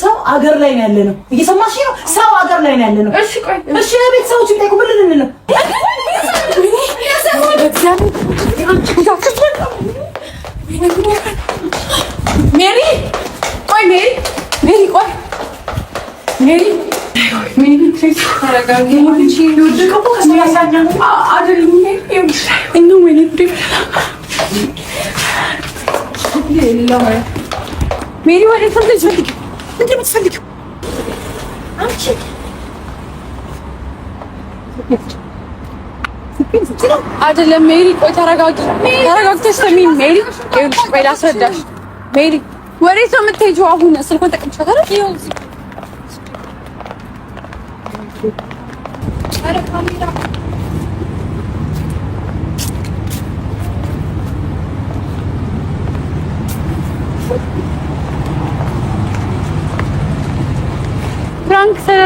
ሰው አገር ላይ ነው ያለ ነው። እየሰማሽ ነው? ሰው አገር ላይ ነው ያለ ነው። እሺ ቆይ እሺ፣ ቤተሰቦች ይጠይቁ ምን ልንል ነው? ሜሪ ቆይ፣ ሜሪ ሜሪ ቆይ፣ ሜሪ ሜሪ ምንድን የምትፈልጊው አንቺ? አይደለም ሜሪ፣ ቆይ ተረጋጊ፣ ተረጋግተሽ ስሚኝ ሜሪ። ይኸውልሽ፣ ቆይ ላስረዳሽ ሜሪ። ወዴት ነው የምትሄጂው? አሁን ስልኩን ተቀምሻታል። ይኸውልሽ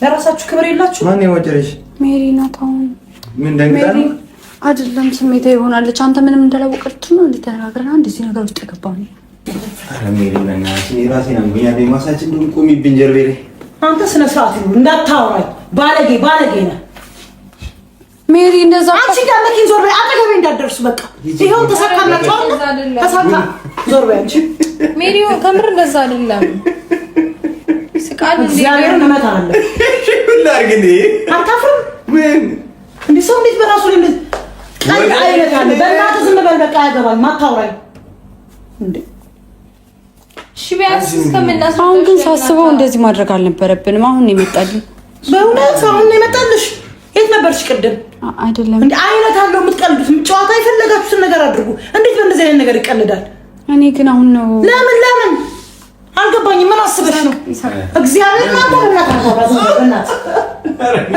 ለራሳችሁ ክብር የላችሁ። ማን የወደደሽ? ሜሪ ናት። አሁን ምን ደንግጣ አይደለም ስሜታ ይሆናለች። አንተ ምንም ነው አንድ እዚህ ነገር ውስጥ ነው። ኧረ ሜሪ በእናትሽ እኔ ቆሚብኝ ጀርቤ ላይ አንተ ስነ ስርዓት ነው እንዳታወራኝ። ባለጌ ባለጌ ነህ ሜሪ። እንደዛ አንቺ ጋር ለኪን ዞር በይ፣ አጠገቤ እንዳትደርሱ። በቃ ይሄው ተሳካላችሁ አይደል? ተሳካ። ዞር በይ አንቺ ሜሪ። ከምር እንደዛ አይደለም። ስቃል እግዚአብሔር ነመት አለ ሁላ ግን አታፍርም? ምን እንደ ሰው እንዴት በራሱ ላይ ቀልድ አይነት አለ። በእናትህ ዝም በል በቃ። ያገባል ማታወራኝ እንዴ አሁን ግን ሳስበው እንደዚህ ማድረግ አልነበረብንም። አሁን የመጣልን በእውነት አሁን የመጣልሽ የት ነበርሽ ቅድም? አይደለም እንዴ አይነት አለው የምትቀልዱት ጨዋታ የፈለጋችሁትን ነገር አድርጉ። እንዴት በእንደዚህ አይነት ነገር ይቀልዳል? እኔ ግን አሁን ነው ለምን ለምን አልገባኝም። ምን አስበሽ ነው? እግዚአብሔር ማታ በእናት በእናት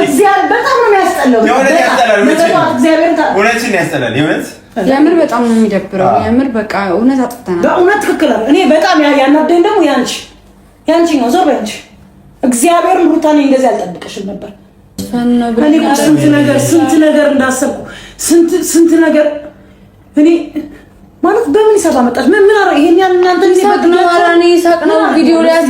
እግዚአብሔር በጣም ነው የሚያስጠላው። እግዚአብሔር እውነትን ያስጠላል። የእውነት የምር በጣም ነው የሚደብረው። የምር በቃ እውነት አጥፍተናል። በእውነት ትክክል እኔ በጣም ያናደኝ ደግሞ ያንቺ ያንቺ ነው ዞር በያንቺ እግዚአብሔር ሩታ እኔ እንደዚህ አልጠብቅሽም ነበር። እኔ ስንት ነገር ስንት ነገር እንዳሰብኩ ስንት ስንት ነገር እኔ ማለት በምን ሰባ መጣች ምን ምን አረ ይሄን ያን እናንተ ሊሰጥ ነው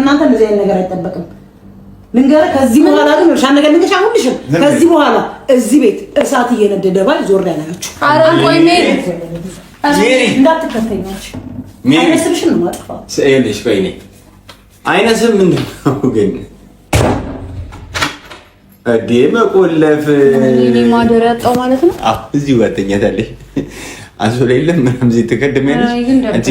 ከእናንተ እንደዚህ አይነት ነገር አይጠበቅም። ልንገር ከዚህ በኋላ ግን እርሻ ነገር ልንገሻ ሁልሽም ከዚህ በኋላ እዚህ ቤት እሳት እየነደደ ባይ ዞር ላይ ናችሁ። አረ ቆይ ሜሪ እንዳትከተኛች አይነስብሽን ነው ማጥፋ ስልሽ ቆይ ኔ አይነስብ ምንድን ነው ግን እዴ መቆለፍ ማደሪያ ያጣው ማለት ነው። እዚሁ ጓደኛታለሽ አንሶላ የለም ምናምን እዚህ ትቀድሚያለሽ